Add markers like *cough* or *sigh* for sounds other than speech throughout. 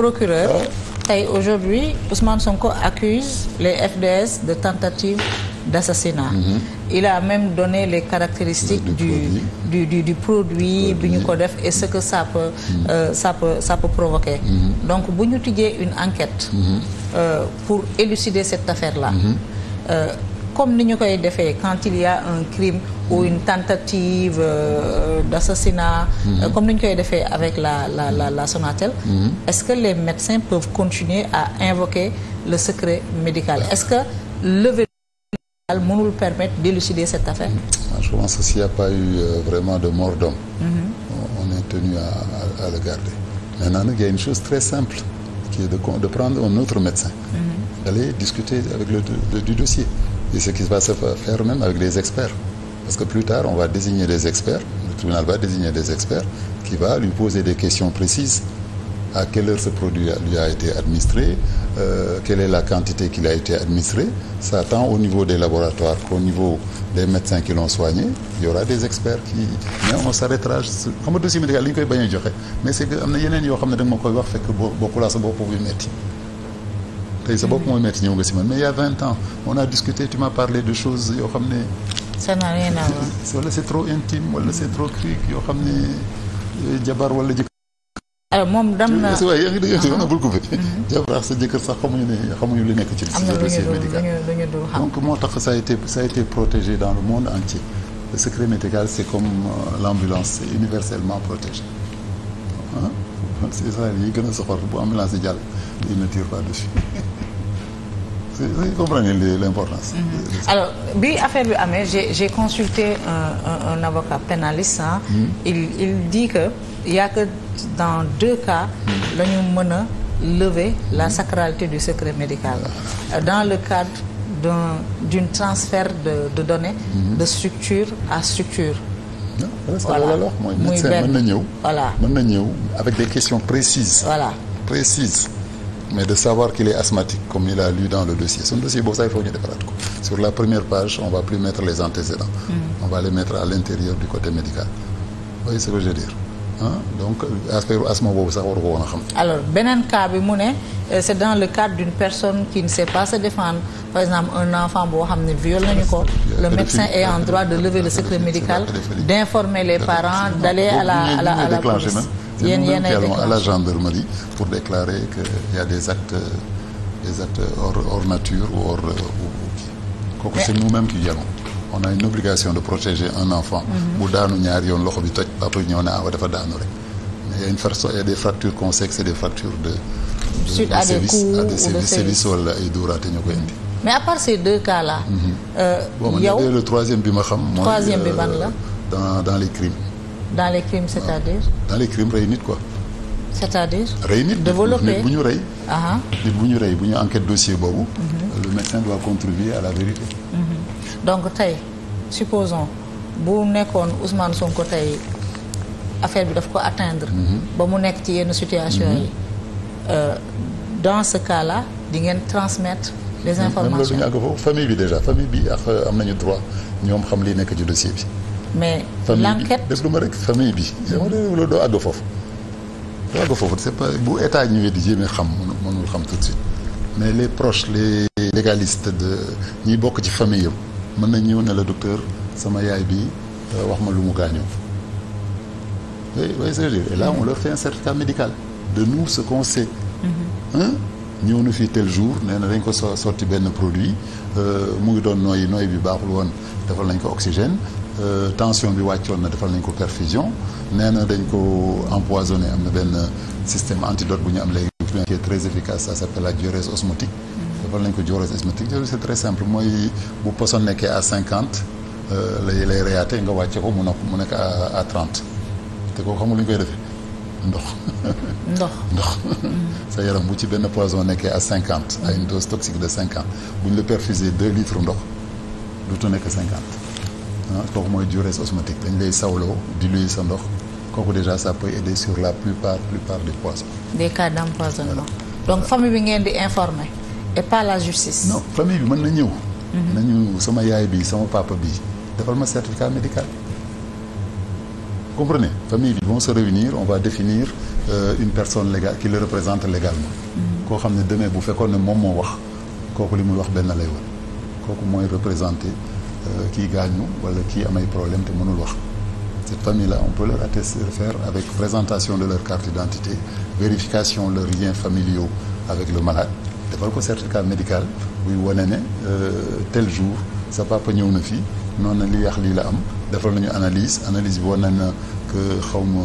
procureur tey aujourd'hui Ousmane Sonko accuse les FDS de tentative d'assassinat mm -hmm. il a même donné les caractéristiques du du du, du, du produit bi ñu ko def et ce que ça peut mhm. euh, ça peut provoquer mhm. donc bu ñu tijjee une enquête mm pour élucider cette affaire là mhm. euh, comme ni ñu koy defee quand il y a un crime ou une tentative euh, d'assassinat. Euh, mhm. comme ni ñu de defee avec la la la la Sonatel. Mm -hmm. est-ce que les médecins peuvent continuer à invoquer le secret médical est-ce que le médical mënul permettre d'élucider cette affaire. Mhm. Ah, je n'y a pas eu euh, vraiment de mort d'homme. Mhm. on est tenu à, le garder. maintenant nag il y a une chose très simple qui est de prendre un autre médecin. d'aller discuter avec le dossier. et ce qui va se faire même avec des experts. Parce que plus tard, on va désigner des experts, le tribunal va désigner des experts qui va lui poser des questions précises. À quelle heure ce produit lui a été administré, euh, quelle est la quantité qu'il a été administré. Ça, tant au niveau des laboratoires qu'au niveau des médecins qui l'ont soigné, il y aura des experts qui. mais on s'arrêtera xam nga dossier médical li ñu koy bañ a mais c'est que am na yeneen yoo xam ne da nga ma koy wax fekk bokku laa sa bopp buy metti tey xam ne. ça n'a rien à voir. wala c'est trop intime wala c'est trop cric yoo xam ne eh, jabar wala jëkkër. alors ah, moom dam na waaye yaa ah. mm-hmm. jabar sa jëkkër sax xamuñu ne xamuñu li nekk ci. am na lu ñu donc moo tax ça a été ça a été protégé dans le monde entier. le secret médical c'est comme euh, l'ambulance c'est universellement protégé ah c'est Israël yi gën a soxor bu ambulance yi jàll ils ne tirent pas dessus. vous comprenez l'importance. Mhm. affaire bi amee j'ai j'ai consulté un, un, un avocat pénaliste hein. Mhm. il il dit que dans deux cas la ñu mën a lever la mhm. sacralité du secret médical dans le cadre d'un d'une transfert de de données de structure à structure voilà mooy médecin mën na ñëw voilà mën avec des questions précises mais de savoir qu'il est asthmatique comme il a lu dans le dossier suñu dossier boobu sax il faut ñu defaraat ko sur la première page on va plus mettre les antécédents mm. on va les mettre à l'intérieur du côté médical oui c'est ce que je dire donc affaire asma boobu sax waru ko woon a xam. alors cas bi mu ne euh, c'est dans le cadre d'une personne qui ne sait pas se défendre par exemple un enfant boo xam ne viol nañu ko. le médecin est en droit yéen yéen ay déclenché la gendarmerie pour déclarer que il des actes des actes hors hors nature ou hors kii kooku c'est nous-mêmes qui gérons on a une obligation de protéger en enfant. Mm-hmm. bu daanu ñaar yoon loxo bi toj papa ñëw ne ah dafa daanu rek. il y des fractures qu'on sait des fractures de. suite à des coups ou de sévices wala ay dóoraate ñoo koy indi. mais à part ces deux cas là. Mm-hmm. Euh, yow le troisième bi ma xam. mooy bi euh, ban la. dans dans les crimes. dans les crimes c'est-à-dire. dans les crimes rey nit ko c'est-à-dire. rey nit bu ñu rey. nit bu ñu rey bu ñu enquête dossier boobu. Mhm. le médecin doit contribuer à la vérité. Mhm. donc tey supposons bu nekkoon Ousmane ko tey affaire bi daf ko atteindre. Mhm. ba mu nekk ci yenn situation yi. Euh, dans ce cas-là di ngeen transmettre. les informations même loolu ñu àgg foofu famille bi déjà famille bi ak euh, am nañu droit ñoom xam li nekk ci dossier bi. mais l'enquête déglu ma rek famille bi ma loolu doo àgg foofu doo àgg foofu c'est pas bu état ñëwee di jéemee xam mënul xam tout de suite mais les proches les légalistes de ñuy bokk ci famille yam mën nañ ñëw ne la docteur sama yaay bi euh, wax ma lu mu gaañoo oui oui c'est-à-dire et là on leur fait un médical de nous ce qu'on sait mm-hmm. ñëw nu fii tel jour nee na dañ ko sorti benn produit euh, mu ngi doon nooyi nooy bi baaxul woon defal nañ ko oxygène Euh, tension bi wàccoon na defal nañ ko perfusion nee na dañ ko empoisonné am na benn système antidote bu ñu am léegi qui est très efficace ça s'appelle la diurèse osmotique defal nañ ko diurèse osmotique loolu c'est très simple mooy bu poson nekkee à cinquante euh, lay lay reyaate nga wàcce ko mu nekk mu nekk à trente te koo xamul lu ñu koy defee ndox. ndox *laughs* ndox. Mm-hmm. sa yaram bu ci benn poison nekkee à cinquante à une toxique de cinquante bu ñu la perfusé deux litres ndox dootu nekk cinquante. ah kooku mooy diurèse osmotique dañ lay sawloo di sa ndox kooku déjà ça peut aider sur la plupart plupart des poisons. des cas d'empoisonnement voilà. donc famille bi ngeen di informer et pas la justice. non famille bi mën na ñëw. Mhm. nañu sama yaay bi sama papa bi defal ma certificat médical. comprenez famille bi vont se réunir on va définir euh, une personne légale ki le représente légalement. Mhm. koo xam ne demee bu fekkoon ne moom moo wax kooku li muy wax benn lay woon kooku Euh, kii gaañu wala kii am ay problème te mënul wax cette famille là on peut leur attester faire avec présentation de leur carte d'identité vérification de leurs liens familiaux avec le malade defal ko certificat médical buy wane ne euh, tel jour sa papa ñëw na fii noonu na li yàq lii la am defal nañu analyse analyse bi wane na que xaw ma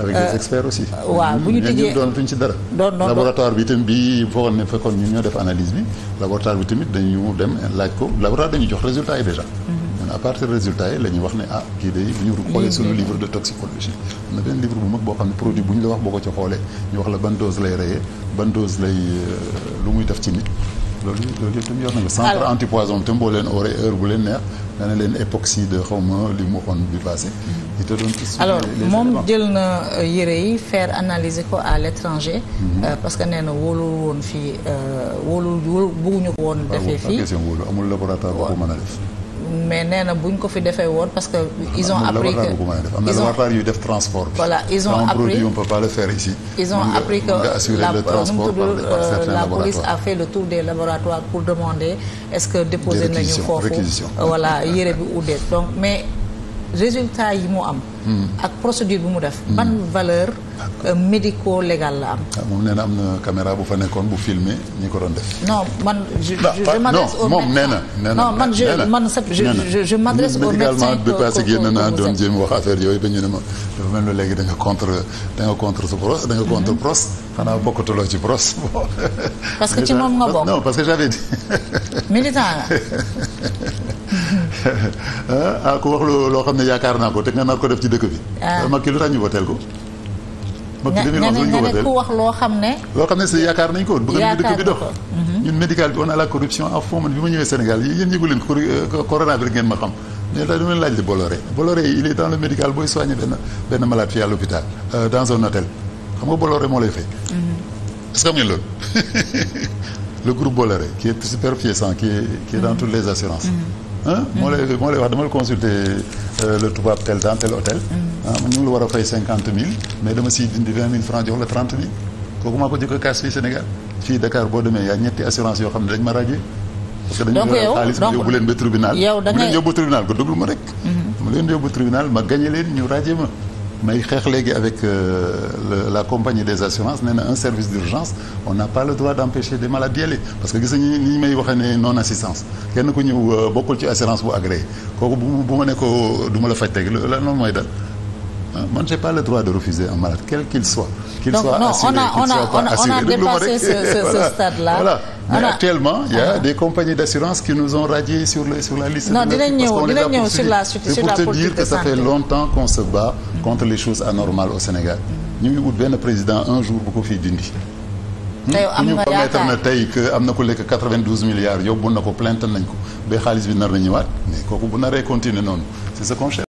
avec des euh, experts aussi. waaw bu ñu tijjee doon tuñ ci dara. laboratoire bi tamit bii foogoon ne fekkoon ñun ñoo def analyse bi laboratoire bi tamit dañu dem laaj ko laboratoire dañu jox résultat yi déjà. Mhm. à partir résultat yi la wax ne ah kii day bu ñu xoolee suñu livre de toxicologie am na benn livre bu mag boo xam ne produit bu ñu la wax boo ko ci xoolee ñu wax la ban dose lay reyee ban dose lay euh, lu muy def ci nit loolu loolu yëpp tamit yor nañu centre antipoison te boo leen ooree heure bu leen neex nga ne leen époxy de xaw ma li mu waxoon bi passé di hmm. te doon ci alors moom jël na euh, yére yi fair analyser ko à l'étranger hmm. euh, parce que nee na wóolul woon fii wóolul euh, wóolu bëgguñu ko woon defee fii amul laboratoire bu ko mën a def mais nee bu buñ ko fi defee woon parce que. ils ont appris que am na laboratoire yu ils on peut pas ils ont appris que la euh, euh, la police a fait le tour des laboratoires pour demander est-ce que déposer nañu foofu voilà yére bi ou déet donc mais résultat yi mu am. ak procédure bu mu def. Hmm. ban valeur euh, médico légale la am. waaw ah, moom nee na am na caméra bu fa nekkoon bu filmer ñi ko doon def. non man je je m'adresse moom nee na nee na non man je je je m'adresse au médecin bi génn naa doon jéem wax affaire yooyu dañu ne ma dafa mel ni léegi da nga contre da nga contre sa pros da nga contre hmm. pros xanaa bokkatuloo ci pros. *laughs* parce que ci moom nga bokk non parce que j'avais dit. militant la. *laughs* ah ku wax loo xam ne yaakaar naa ko te nga dëkk bi. Ah. waaw Macky lu tax ñu voteel ko. Macky 2011 la ñu ko voteel ku wax loo xam ne. loo xam ne si yaakaar nañ ko. yaakaar nañ ko bëgg dëkk bi dox. Mhm. ñun médical bi on a la corruption à fond man bi ma ñëwee Sénégal yéen yëgu leen ko euh, corona ngeen ma xam. mais daal du ma laaj li Bolloré Bolloré il est dans le médical booy soigner benn benn malade fii à l'hôpital euh, dans un hôtel xam nga Bolloré moo lay fay. Mhm. est-ce que ngeen loolu *laughs* le groupe Bolloré qui est moo lay moo lay wax dama consulter euh, le tubaab tel dans tel hôtel. ñu mm. ngi la war a fay cinquante mille mais dama siy dindi vingt mille franc jox la trente mille kooku maa ko jëkk kaas fii Sénégal fii Dakar boo demee yaa ñetti assurance yoo xam ne dañ ma radier. parce que dañu leen xaalis ma yóbbu leen ba yow da ngay bu mm-hmm. leen yóbbu ma rek. leen ñu radier ma. may xeex léegi avec euh, la compagnie des assurances nee na un service d'urgence on n'a pas le droit d'empêcher des malades d'y aller parce que gis nañu ni may waxee ne non assistance kenn ku ñëw euh, bokkul ci assurance bu agréé kooku bu bu ma ne ko du ma la faj teg la noonu mooy dal man j'ai pas le droit de refuser un malade quel qu'il soit qu'il soit assuré qu'il soit pas assuré donc non on a ce stade là. mais actuellement il des compagnies d'assurance qui nous ont radiés sur la liste. non dinañ ñëw sur la sur la de santé pour te dire que ça fait longtemps qu'on se bat contre les choses anormales au Sénégal ñu ngi wut benn président un jour bu ko fii dindi. Hmm? tey am nga na tey que am na ku lekk 92 milliards yóbbu na ko plainte nañ ko ba xaalis bi nar na ñëwaat mais kooku bu naree continuer noonu c'est ce qu'on cherche.